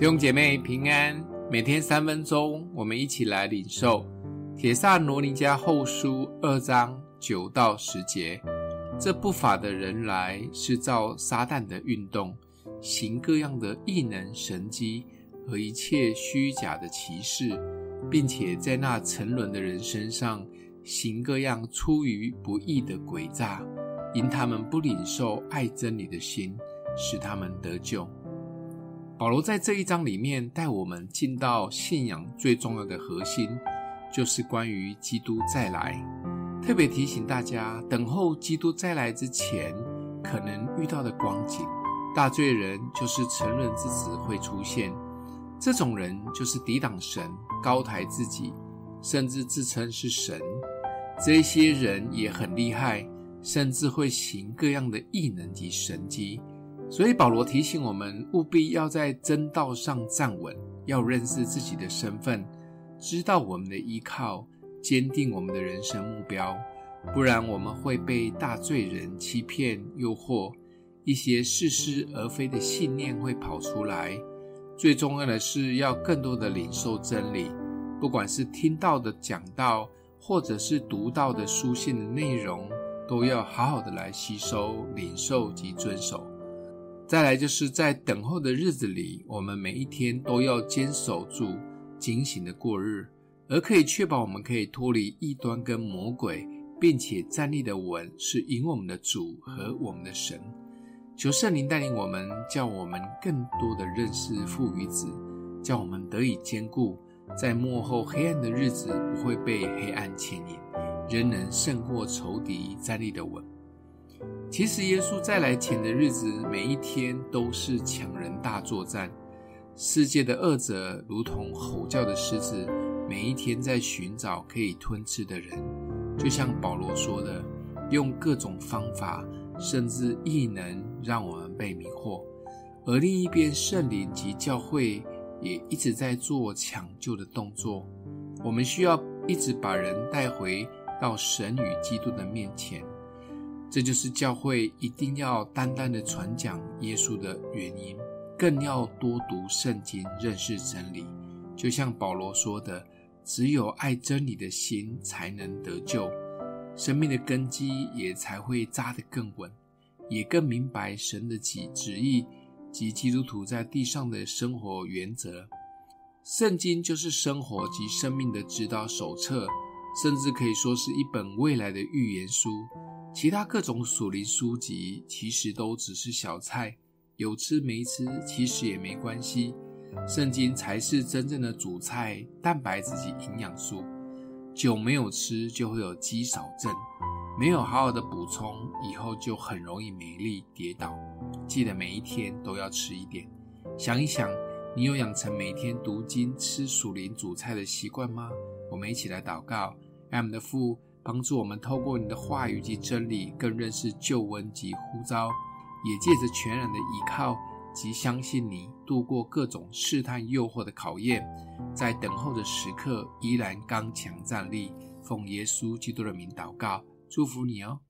弟兄姐妹平安，每天三分鐘，我們一起來領受《帖撒羅尼迦後書》二章九到十節。這不法的人來是照撒旦的運動，行各樣的異能神蹟、神蹟和一切虛假的奇事，並且在那沉淪的人身上行各樣出於不義的詭詐，因他們不領受愛真理的心，使他們得救。保羅在這一章裡面帶我們進到信仰最重要的核心，就是關於基督再來。特別提醒大家，等候基督再來之前，可能遇到的光景。大罪人就是沉淪之子會出現，這種人就是抵擋神、高抬自己，甚至自稱是神。這些人也很厲害，甚至會行各樣的異能及神蹟。所以保羅提醒我們，務必要在真道上站穩，要認識自己的身份，知道我們的依靠，堅定我們的人生目標，不然我們會被大罪人欺騙、誘惑，一些似是而非的信念會跑出來。最重要的是，要更多的領受真理，不管是聽到的講道，或者是讀到的書信的內容，都要好好的來吸收、領受及遵守。再來就是在等候的日子裡，我們每一天都要堅守住、警醒的過日，而可以確保我們可以脫離異端跟魔鬼，並且站立的穩，是因我們的主和我們的神。求聖靈帶領我們，叫我們更多的認識父與子，叫我們得以堅固，在末後黑暗的日子不會被黑暗牽引，仍能勝過仇敵，站立的穩。其實，耶穌再來前的日子，每一天都是搶人大作戰。世界的惡者如同吼叫的獅子，每一天在尋找可以吞吃的人。就像保羅說的，用各種方法，甚至異能，讓我們被迷惑。而另一邊，聖靈及教會也一直在做搶救的動作。我們需要一直把人帶回到神與基督的面前。這就是教會一定要單單的傳講耶穌的原因，更要多讀聖經，認識真理。就像保羅說的：“只有愛真理的心，才能得救，生命的根基也才會扎得更穩，也更明白神的旨旨意及基督徒在地上的生活原則。”聖經就是生活及生命的指導手冊，甚至可以說是一本未來的預言書。其他各種屬靈書籍其實都只是小菜，有吃沒吃其實也沒關係。聖經才是真正的主菜、蛋白質及營養素。久沒有吃就會有肌少症，沒有好好的補充，以後就很容易沒力跌倒。記得每一天都要吃一點。想一想，你有養成每天讀經、吃屬靈主菜的習慣嗎？我們一起來禱告，m 的父。幫助我們透過你的話語及真理，更認識救恩及呼召，也借着全然的依靠及相信你，度過各種試探誘惑的考驗，在等候的時刻依然剛強站立。奉耶穌基督的名禱告，祝福你哦。